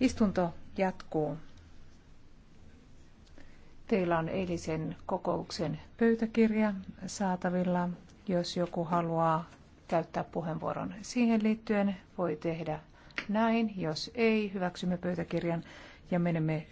Istunto jatkuu. Teillä on eilisen kokouksen pöytäkirja saatavilla. Jos joku haluaa käyttää puheenvuoron siihen liittyen, voi tehdä näin. Jos ei, hyväksymme pöytäkirjan ja menemme